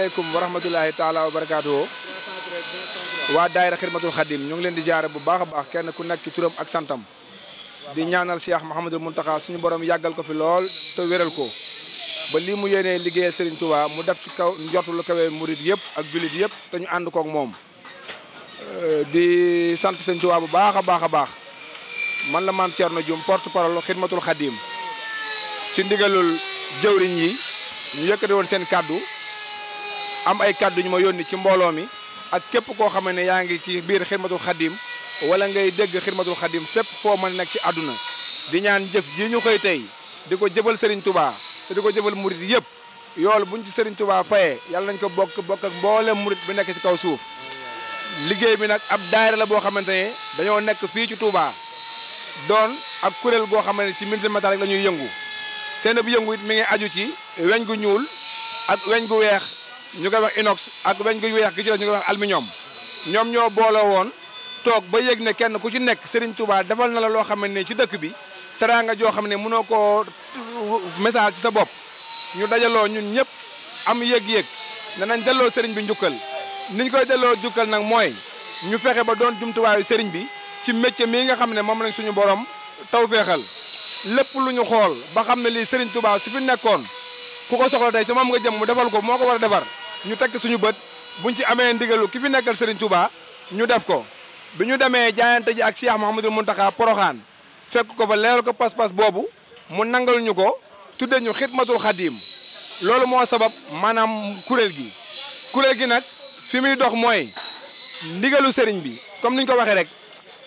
asalaamaaleykum wa rahmatulahi taala wa barakaatu waa daayira xidmatul xadim ñoo ngi leen di jaare bu baax a baax kenn ku nekk ci turam ak santam di ñaanal Cheikh Mouhamadul Mountakha suñu boroom yàggal ko fi lool te wéral ko ba lii mu yéenee liggéeyal Serigne Touba mu def ci kaw njortu lu kawee murit yëpp ak jullit yëpp te ñu ànd kook moom euh, di sant Serigne Touba bu baax a baax a baax man la maam Thierno Dioum porte parole xidmatul xadim ci ndigalul jëwriñ yi ñu yëkkati woon seen kàddu am ay kàddu ñu ma yónni ci mbooloo mi ak képp koo xam ne yaa ngi ci biir xidmatul xadim wala ngay dégg xidmatul xadim fépp foo man nekk ci àdduna di ñaan jëf ji ñu koy tey di ko jëbal sëriñ Touba te di ko jëbal murit yëpp yool buñ ci sëriñ Touba fayee yàlla nañ ko bokk bokk ak mboolem murit bi nekk ci kaw suuf liggéey bi nag ab daayira la boo xamante ne dañoo nekk fii ci Touba doon ak kuréel goo xam ci menuiserie métallique la ñuy yëngu seen ab yëngu mi ngi aju ci weñ gu ñuul ak weñ gu weex ñu koy wax inox ak bañ gi weex gi ci la ñu koy wax aluminium ñoom ñoo booloo woon toog ba yëg ne kenn ku ci nekk Serigne Touba defal na la loo xam ne ci dëkk bi teraanga joo xam ne mënoo ko message ci sa bopp ñu dajaloo ñun ñëpp am yëg-yëg danañ delloo Serigne bi njukkal niñ koy delloo njukkal nag mooy ñu fexe ba doon jumtuwaayu sëriñ bi ci métier mii nga xam ne moom lañ suñu borom taw féexal lépp lu ñu xool ba xam ne lii Serigne Touba su fi nekkoon. ku ko soxla tey su ma am nga jëm mu defal ko moo ko war a defar ñu teg suñu bët bu ñu ci amee ndigalu ki fi nekkal Serigne Touba ñu def ko bi ñu demee jaayante ji ak Cheikh Mouhamadul Mountakha Poroxaan fekk ko fa leeral ko pas-pas boobu mu nangal ñu ko tudde ñu xidmatul xadim loolu moo sabab maanaam kuréel gi kuréel gi nag fi muy dox mooy ndigalu sëriñ bi comme niñ ko waxee rek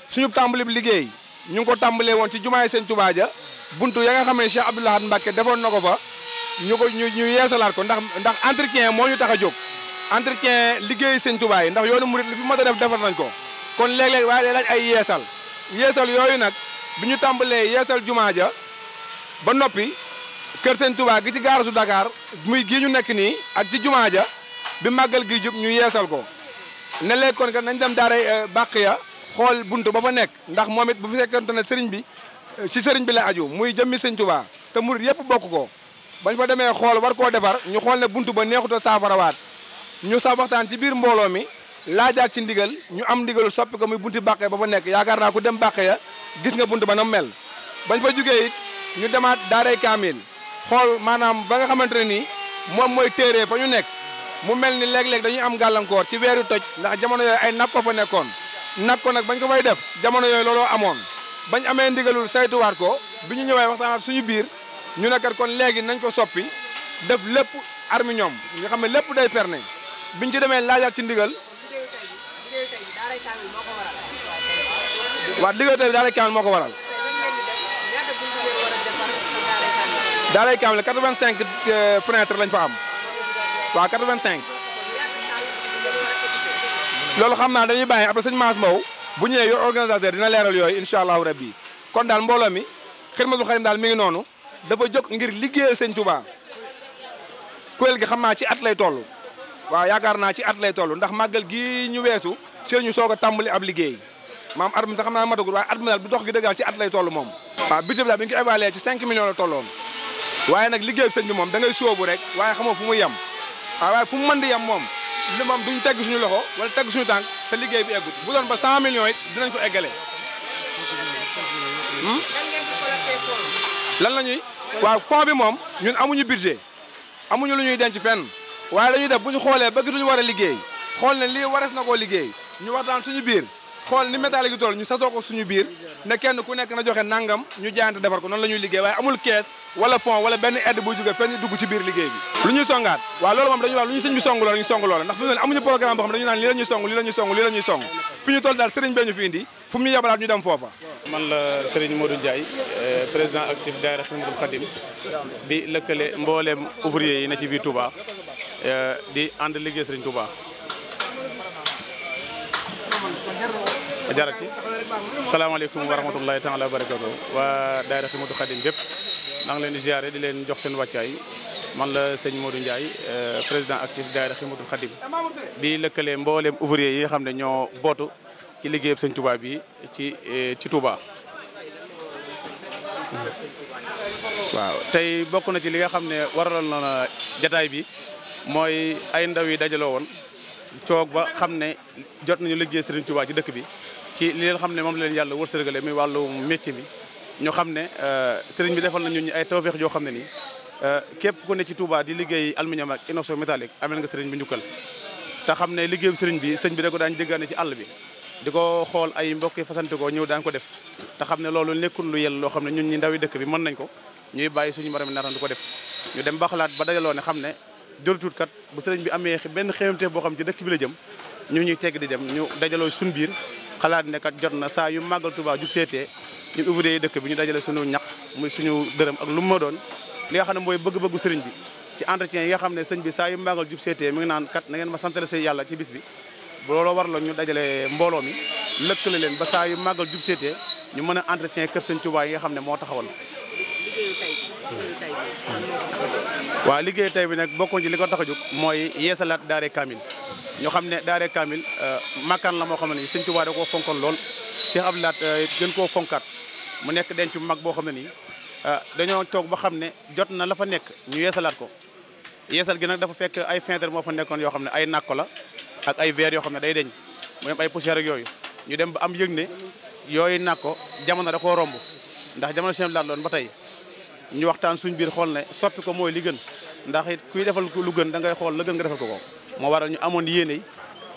suñu tàmbali bi liggéey ñu ngi ko tàmbalee woon ci jumaay sëñ Touba ja buntu ya nga xam ne Cheikh Abdoul Ahad defoon na ko fa ñu ko ñu ñu yeesalaat ko ndax ndax entretien moo ñu tax a jóg entretien liggéey sëñ Tuubaa yi ndax yoonu murit li fi mën a def defar ko kon léeg-léeg waaye day laaj ay yeesal yeesal yooyu nag bi ñu tàmbalee yeesal jumaa ja ba noppi kër sëñ Tuubaa gi ci gaaru dakaar Dakar muy gii ñu nekk nii ak ci jumaa ja bi màggal gi jub ñu yeesal ko ne léegi kon kat nañ dem daaray eh, bàq ya xool bunt ba fa nekk ndax moom it bu fi fekkente ne sëriñ bi eh, si sëriñ bi la aju muy jëmmi sëñ Tuubaa te murit yëpp bokk ko bañ fa demee xool war koo defar ñu xool ne buntu ba neexuta saafarawaat ñu sa waxtaan ci biir mbooloo mi laajaat ci ndigal ñu am ndigal soppi ko muy bunti bàqe ba fa nekk yaakaar naa ku dem bàqe ya gis nga buntu ba na mel bañ fa jugee ñu demaat daaray kaamil xool maanaam ba nga xamante ne nii moom mooy téere fa ñu nekk mu mel ni léeg-léeg dañuy am gàllankoor ci weeru toj ndax jamono yooyu ay napp ko fa nekkoon napp ko nag bañ ko fay def jamono yooyu looloo amoon bañ amee ndigalul saytuwaat ko bi ñu ñëwee waxtaanaat suñu biir ñu ne kat kon léegi nañ ko soppi def lépp armi ñoom nga xam ne lépp day perne biñ ci demee laajaat ci ndigal waaw ndigal tey bi daaray kaamil moo ko waral daaray kaamil quatre-vingt-cinq euh, fenêtre lañ fa am waa quatre-vingt-cinq loolu xam naa dañuy bàyyi après sëñ maas Mbow bu ñëwee yor organisateur dina leeral yooyu incha allahu rabbi kon daal mbooloo mi Xidmatul Xadim daal mi ngi noonu dafa jóg ngir liggéeyal sëñ Touba kuréel gi xam naa ci at lay toll waaw yaakaar naa ci at lay toll ndax màggal gii ñu weesu seen ñu soog a tàmbali ab liggéey maam at mi sax xam naa matagul waaye at mi bu dox gi dëggal ci at lay toll moom waaw budget bi daal bi ñu ko évalué ci 5 millions la tolloon waaye nag liggéey sëñ bi moom da ngay rek waaye xamoo fu muy yem waaw waaye fu mu mën di yem moom li moom duñ tegg suñu loxo wala tegg suñu tànk sa liggéey bi eggut bu doon ba 100 millions it dinañ ko eggale hmm? lan la ñuy waaw fond bi moom ñun amuñu budget amuñu lu ñuy denc fenn waaye dañuy def bu ñu xoolee bëgg duñu liggéey xool ne lii warees na liggéey ñu waxtaan suñu biir xool ni métal gi toll ñu sasoo suñu biir ne kenn ku na joxe nangam ñu jaayante defar ko noonu la liggéey waaye amul kees wala fond wala benn aide bu jóge fenn dugg ci biir liggéey bi lu songaat waaw loolu moom ñu bi song loolu ñu song loolu ndax dañu naan lii la ñuy song ñu toll daal sëriñ bee ñu fi indi man la seriñ Modou Ndiaye eh, président actif daayira Xidmatul Xadim bi lëkkale mbooleem ouvrier yi na ci biir Touba eh, di ànd liggéey Serigne Touba. jarat ci salaamaaleykum wa rahmatullahi taala wa barakatu waa daayira Xidmatul Xadim bépp maa ngi leen di ziare di leen jox seen wàccaay man la sëñ moodu njaay eh, président actif daayira Xidmatul Xadim bi lëkkale mbooleem ouvrier yi xam ne ñoo bootu. ci liggéeyam sëñ Touba bi ci e, ci Touba. waaw tey bokk na ci li nga xam ne waraloon na jataay bi mooy ay ndaw yi dajaloo woon coog ba xam ne jot nañu liggéey sëriñ Touba ci dëkk bi ci li leen xam ne moom la leen yàlla wërsëgale muy wàllu métier bi ñu xam ne e, sëriñ bi defal nañu ñu ay tawféex yoo xam ne nii e, képp ku ne ci Touba di liggéey aluminium ak inoxo métallique amel nga sëriñ bi njukkal te xam ne liggéeyu sëriñ bi sëñ bi da ko daañu déggaane ci àll bi di ko xool ay mbokk yi fasantikoo ñëw daan ko def te xam ne loolu nekkul lu yel loo xam ne ñun ñi ndawi dëkk bi mën nañ ko ñuy bàyyi suñu maram naran di ko def ñu dem ba ba dajaloo ne xam ne jërëtut kat bu sëriñ bi amee benn xéwamteef boo xam ci dëkk bi la jëm ñu ñuy tegg di dem ñu dajaloo suñu biir xalaat ne kat jot na saa yu màggal Tuubaa jub seetee ñu ouvrier yi dëkk bi ñu dajale suñu ñax muy suñu dërëm ak lu mu ma doon li nga xam ne mooy bëgg-bëggu sëriñ bi ci entretien yi nga xam ne sëñ bi saa yu màggal jub seetee mi ngi naan kat na ngeen ma santale say yàlla ci bis bi looloo war la ñu dajale mbooloo mi lëkkale leen ba saa yu màggal jub seetee ñu mën a entretien kër sëñ yi nga xam ne moo taxawal waaw liggéeyu tey bi nag bokkuñ ji li ko tax a jóg mooy yeesalaat daare kaamil ñoo xam ne daare kaamil euh, makkaan la moo xam ne nii sëñ Tuubaa da koo fonkoon lool Cheikh Abdou laat euh, gën koo fonkaat mu nekk denc mag boo xam ne nii euh, dañoo toog ba xam ne jot na la fa nekk ñu yeesalaat ko yeesal gi nag dafa fekk ay fenêtre moo fa nekkoon yoo xam ne ay nàkko la ak ay verre yoo xam ne day deñ mu ay poussière ak yooyu ñu dem ba am yëg ne yooyu nag ko jamono da koo romb ndax jamono seen laat loon ba tey ñu waxtaan suñ biir xool ne soppi ko mooy li ndax it kuy defal lu gën da ngay xool la gën nga defal ko ko waral ñu amoon yéene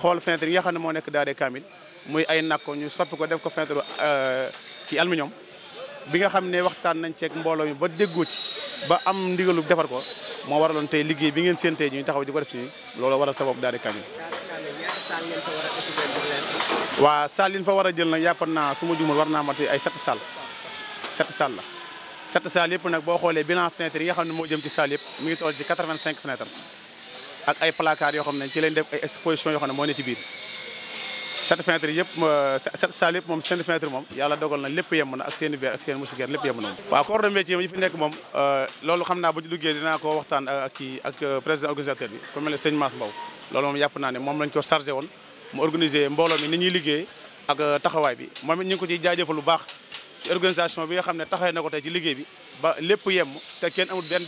xool fenêtre yi xam ne moo nekk daade kaamil muy ay nakko ñu soppi ko def ko fenêtre euh, ci aluminium bi nga xam ne waxtaan nañ ceeg mbooloo mi ba déggoo ci ba am ndigalu defar ko moo waraloon tey liggéey bi ngeen seen tey ñu taxaw di ko si ci loolu waral sabab daade kaamil waa saal yi ñu war a jël nag yàppan naa su ma jumul war naa mati ay sept saal sept saal la sept saal yëpp nag boo xoolee bilan fenêtre yi nga xam ne moo jëm ci saal yëpp mi ngi toll ci quatre-vingt-cinq fenêtre ak ay placard yoo xam ne ci lañ def ay exposition yoo xam ne moo ne ci biir set fenêtre yëpp set euh, salle yëpp moom seen fenêtre moom yàlla dogal na lépp yem na ak seen i verre ak seen moustiquaire lépp yem na moom waaw corps de métier nekk moom euh, loolu xam naa bu ci duggee dinaa ko waxtaan ak euh, président organisateur bi ku mel ne Mass Mbow loolu moom yàpp naa ne moom lañ ko chargé woon mu organiser mbooloo mi ni ñuy liggéey ak taxawaay bi moom it ñu ngi ko ciy jaajëfal lu baax ci organisation bi nga xam ne taxawee na ko tey ci liggéey bi ba lépp yem te kenn amul benn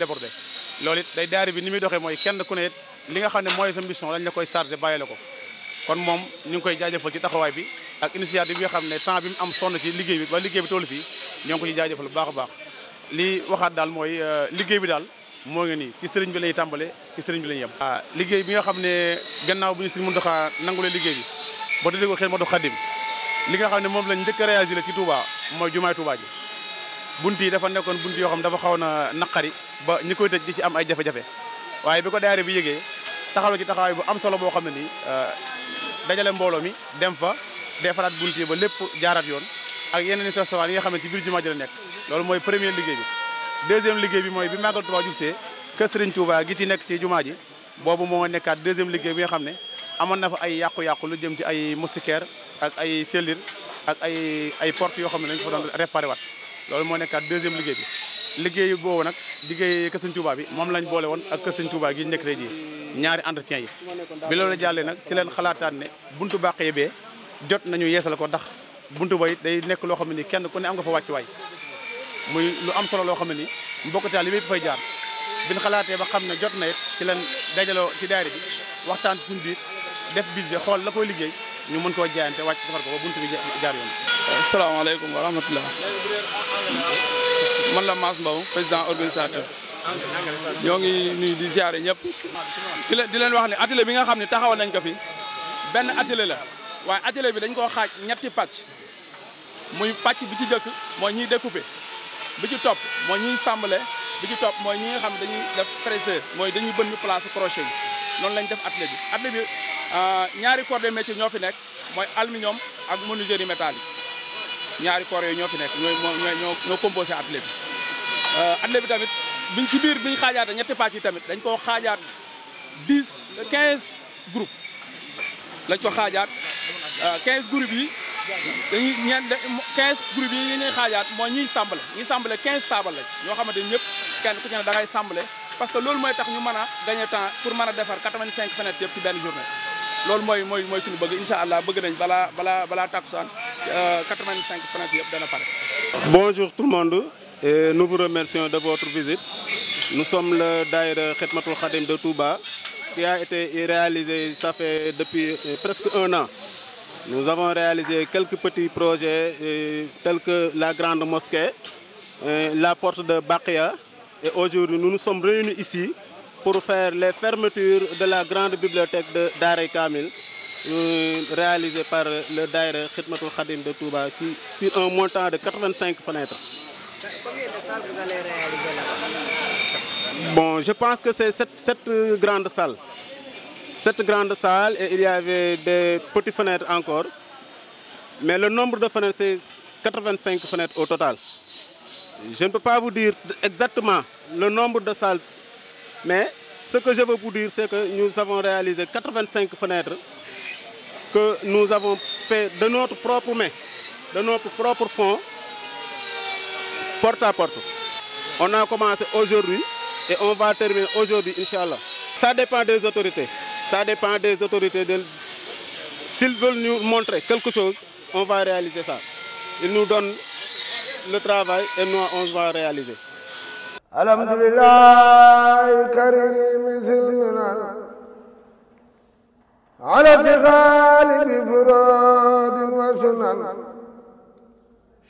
loolu it day daari bi mooy kenn ku ne li nga xam mooy sa lañ la koy chargé bàyyi la ko kon moom ñu ngi koy jaajëfal ci taxawaay bi ak initiative bi nga xam ne temps bi mu am sonn ci liggéey bi ba liggéey bi toll fii ñoo ngi ko baax a baax li waxaat daal mooy euh, liggéey bi daal moo ngi nii ci sëriñ bi lañuy tàmbale sëriñ bi lañuy yem liggéey bi nga xam ne gannaaw bu ñu sëriñ Muntaxa nangulee liggéey bi ba déggoo xel ma do li nga xam ne moom lañ njëkk a réagir ci Touba mooy jumaay Touba ji bunt yi dafa nekkoon bunt yoo xam dafa xaw na naqari ba ñi koy tëj di ci am ay jafe-jafe waaye bi ko daayira bi yëgee taxaw ci taxawaay bu am solo boo xam ne nii euh, dajale mbooloo mi dem fa defaraat bunt yi ba lépp jaaraat yoon ak yeneen i sosowaan yi nga xam ne ci biir jumaa ji la nekk loolu mooy premier liggéey bi deuxième liggéey bi mooy bi màggal Tuubaa jubsee kër Sëriñ Tuubaa gi ci nekk ci jumaa ji boobu moo nekkaat deuxième liggéey bi nga xam ne amoon na fa ay yàqu-yàqu lu jëm ci ay moustiquaire ak ay sellir ak ay ay porte yoo xam ne dañ ko doon réparé waat loolu moo nekkaat deuxième liggéey bi liggéey boobu nag liggéey kër Sëñ Touba bi moom lañ boole woon ak kër Sëñ Touba gi njëkk rek ñaari entretien yi bi loolu jàllee nag ci leen xalaataan ne buntu bàq yebee bee jot nañu yeesal ko ndax buntu ba it day nekk loo xam ne ni kenn ku ne am nga fa wàccuwaay muy lu am solo loo xam ne ni mbokk taal yi bépp fay jaar biñ xalaatee ba xam ne jot na it ci leen dajaloo ci daayira bi waxtaan suñu biir def budget xool la koy liggéey ñu mën koo jaayante wàcc defar ko ba buntu bi jaar yoon. wa rahmatullah man la Mass Mbow président organisateur ñoo ngi nuyu di jaare ñëpp di leen di leen wax ne atelier bi nga xam ne taxawal nañ ko fi benn atelier la waaye atelier bi dañ ko xaaj ñetti pàcc muy pàcc bi ci jëkk mooy ñuy découper bi ci topp mooy ñuy sàmbale bi ci topp mooy ñi xam dañuy def fraiseur mooy dañuy bën ñu place crochet bi noonu lañ def atlé bi atelier bi euh, ñaari koor de métier ñoo fi nekk mooy aluminium ak menuiserie métallique ñaari koor yooyu ñoo fi nekk ñooy ñoo ñoo composé atelier bi Euh, atlet bi tamit biñ ci biir biñ xaajaate ñetti pàcc yi tamit dañ koo xaajaat dix quinze groupes lañ ko xaajaat euh, quinze groupes yi dañuy ñeent quinze groupes yi ñu ñuy xaajaat mooy ñuy sàmbale ñu sàmbale quinze taabal lañ ñoo xamante ñëpp kenn ku ci ne da ngay sàmbale parce que loolu mooy tax ñu mën a gagner temps pour mën a defar quatre-vingt-cinq fenêtres yëpp ci benn journée loolu mooy mooy mooy suñu bëgg incha allah bëgg nañ balaa balaa balaa tàkkusaan euh, quatre-vingt-cinq fenêtres yëpp dana pare Et nous vous remercions de votre visite. Nous sommes le Daïra Khetmatul Khadim de Touba qui depuis euh, presque un an. Nous avons réalisé quelques petits euh, que la grande euh, la porte de Bakia. Et aujourd'hui, nous pour faire les fermetures de la grande bibliothèque de Daré Kamil, réalisée par le Daïra Khidmatul Khadim de Touba, qui, sur un montant de 85 fenêtres. Combien de salles Bon, je pense que c'est sept, sept grandes salles. Sept grandes et il y encore. Mais le nombre de fenêtres, c'est 85 fenêtres au total. Je ne peux pas vous le nombre de salles, mais ce que je que nous avons réalisé 85 fenêtres que nous avons fait de notre propre porte à porte. On a commencé aujourd'hui et on va terminer aujourd'hui, Inch'Allah. Ça dépend des autorités. Ça dépend S'ils veulent nous montrer quelque chose, on va réaliser ça. Ils nous donnent le travail et nous, on va réaliser. Alhamdulillah,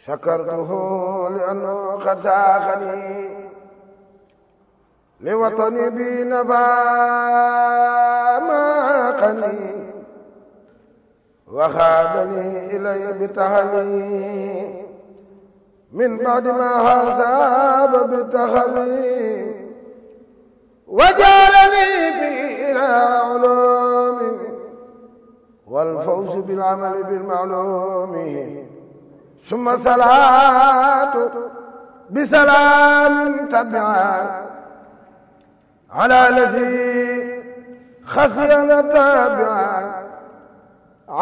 شكرته لأنه قد ساقني لوطني بنبا ماقني وخادني إلي بتهني من بعد ما حساب بتهني وجعلني في إلى علومي والفوز بالعمل بالمعلوم summa salaatu bi salaamin tabia ala lazi xasiyana tabia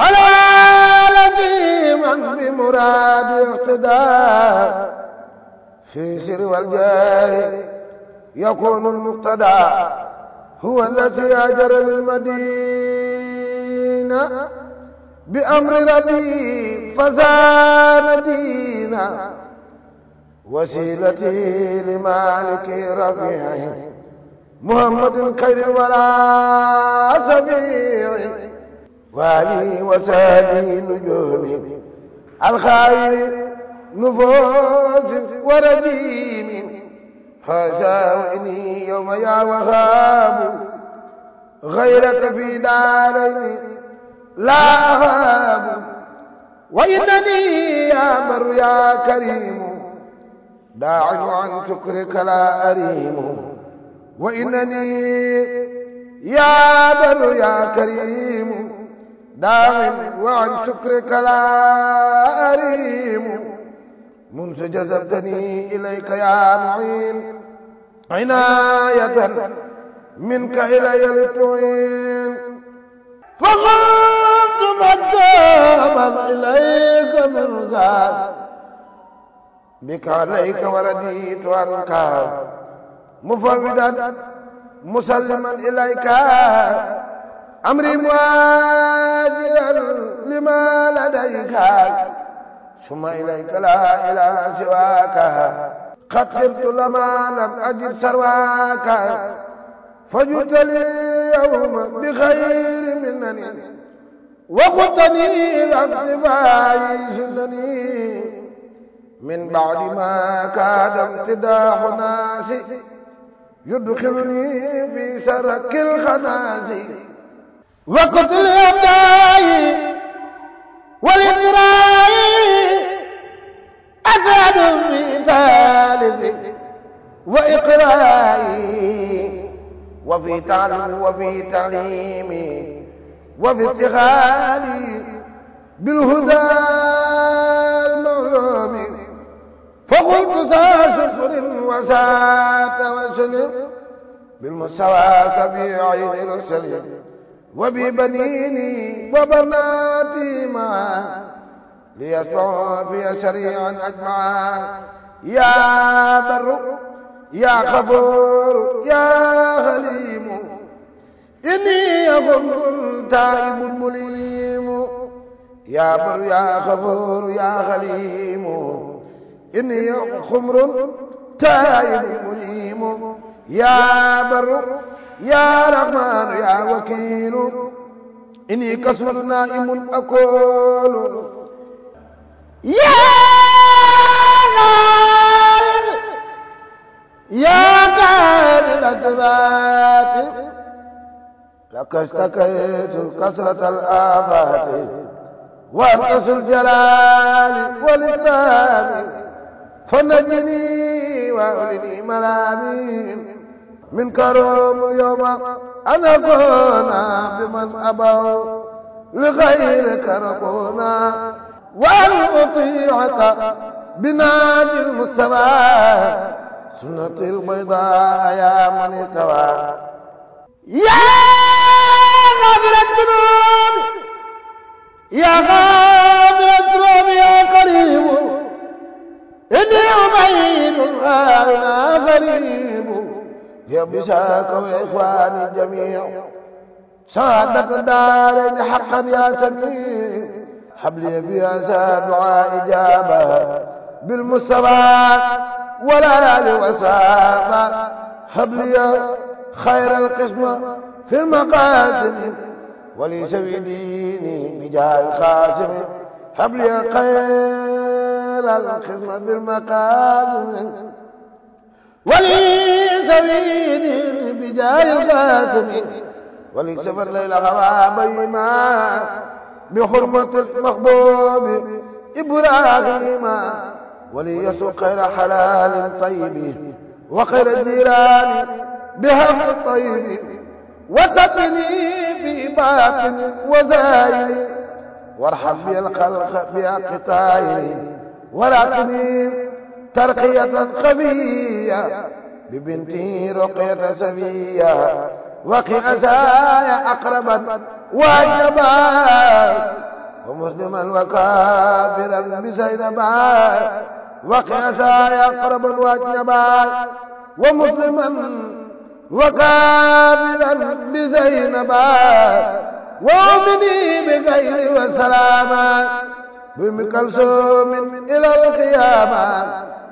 ala lazi man bi muraadi iqtidaa fi sirri wal jaahi yakuunu al-muqtadaa huwa lazi ajara lil madiina bi amri rabbi fasaana diina wasilati li maliki rabii muhammadin xayril wara sabii waali wa saabi nujoomi alxaayiri nufoosi wa radiimi xasaawini yowma yaa waxaabu xayraka fi daarayni laa haabu wa innani yaa baru yaa kariimu daa'inu an shukrika laa ariimu wa innani yaa baru yaa kariimu daa'inu an shukrika laa ariimu منذ جذبتني إليك يا معين عناية منك إلي لتعين فغير متابا إليك من ذاك بك عليك ورديت عنك مفوضا مسلما إليك أمري مواجلا لما لديك ثم إليك لا إله سواك قد خبت لما لم أجد سرواك فجئت لي يوم بخير منني وخطني إلى اتباعي سنني من بعد ما كاد امتداح ناسي يدخلني في سرك الخنازي وقتل أبدائي والانترائي أزاد في طالبي وإقرائي وفي تعلم وفي تعليمي وفي افتخاري بالهدى المعلوم فقلت سا شكر وسا توسل بالمستوى سبيعي للسل وببنيني وبناتي معا ليسعوا في شريعا اجمعا يا بر يا غفور يا غليم إني أغفر تائب مليم يا بر يا غفور يا غليم إني خمر تائب مليم يا بر يا رحمن يا وكيل إني كسر نائم أكول كاشتكيت كثرة الآفات وأنت ذو الجلال والإكرام فنجني وأولني ملامين من كروم اليوم أنا كنا بمن أبوا لغيرك ربنا والمطيعك بنادي المستوى سنة البيضاء يا من سوى يا يا غابر اضرب يا قريب إني عبيد الله لا غريب يا بشاكم يا إخواني الجميع سعادة الدارين حقا يا سميع حبلي في أنسى دعاء إجابة بالمستوى ولا آل وسابة حبلي خير القسمة في المقاتل ولي سوي ديني بجاه القاسم حبلي خير الخدمة بالمقال ولي سوي ديني بجاه القاسم ولي سفر ليلة غرابي ما بحرمة المحبوب إبراهيم ولي يسوق خير حلال طيب وخير الجيران بهم الطيب وتقني في باطن وزاري وارحم بي الخلق بأقطاعي وراقني ترقية خفية ببنتي رقية سفية وقي أزايا أقربا وأجنبا ومسلما وكافرا بزينبا وقي أزايا أقربا وأجنبا ومسلما وقابلا بزينبا وامني بخير وسلاما بأم كلثوم إلى القيامة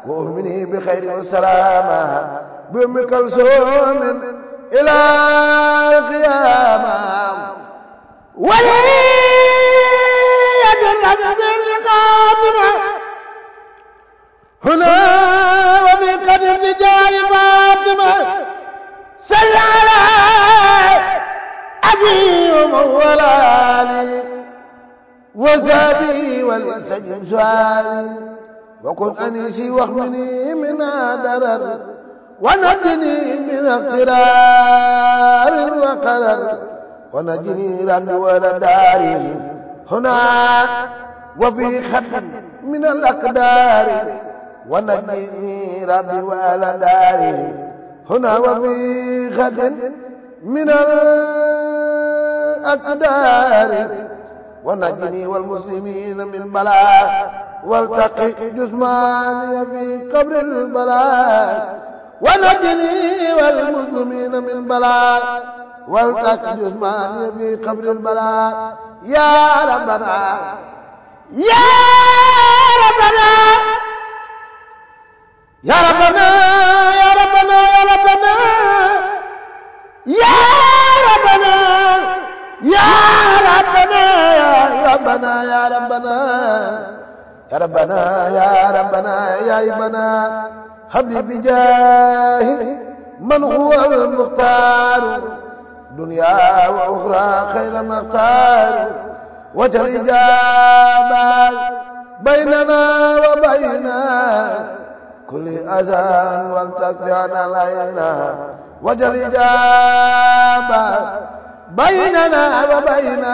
وامني بخير وسلاما بأم كلثوم إلى القيامة ولي يد الرب القادمة هناك فاستجب سؤالي وقل أنيسي واحمني من درر ونجني من اضطرار وقرر ونجني رد ولدار هنا وفي خط من الأقدار ونجني رد ولدار هنا وفي خط من الأقدار ونجني والمسلمين من بلاء والتقي جسماني في قبر البلاء ونجني والمسلمين من بلاء والتقي جسماني في قبر البلاء يا ربنا يا ربنا يا ربنا يا ربنا يا ربنا يا ربنا يا ربنا يا ربنا يا ربنا يا ربنا يا ربنا يا ابنا حبيبي جاه من هو المختار دنيا وأخرى خير مختار وجه الإجابة بيننا وبين كل أذان والتكفي عن علينا وجه الإجابة بيننا وبين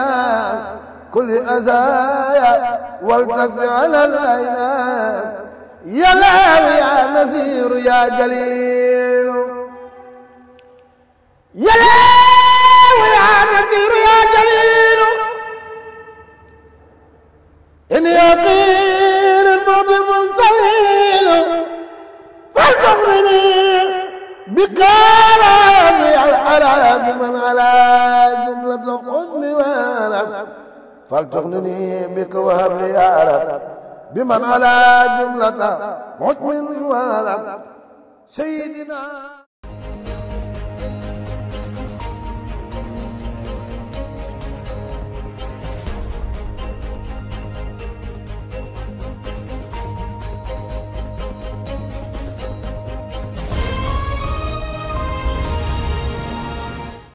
كل أزايا والتقل على العينات يا لاوي يا نزير يا جليل يا لاوي يا نزير يا جليل إن يقين المغضب الذليل فلتغرني بكرم العرب من على فلتغنني بك وهب لي يا رب بمن على جملة مطمئن وهلب سيدنا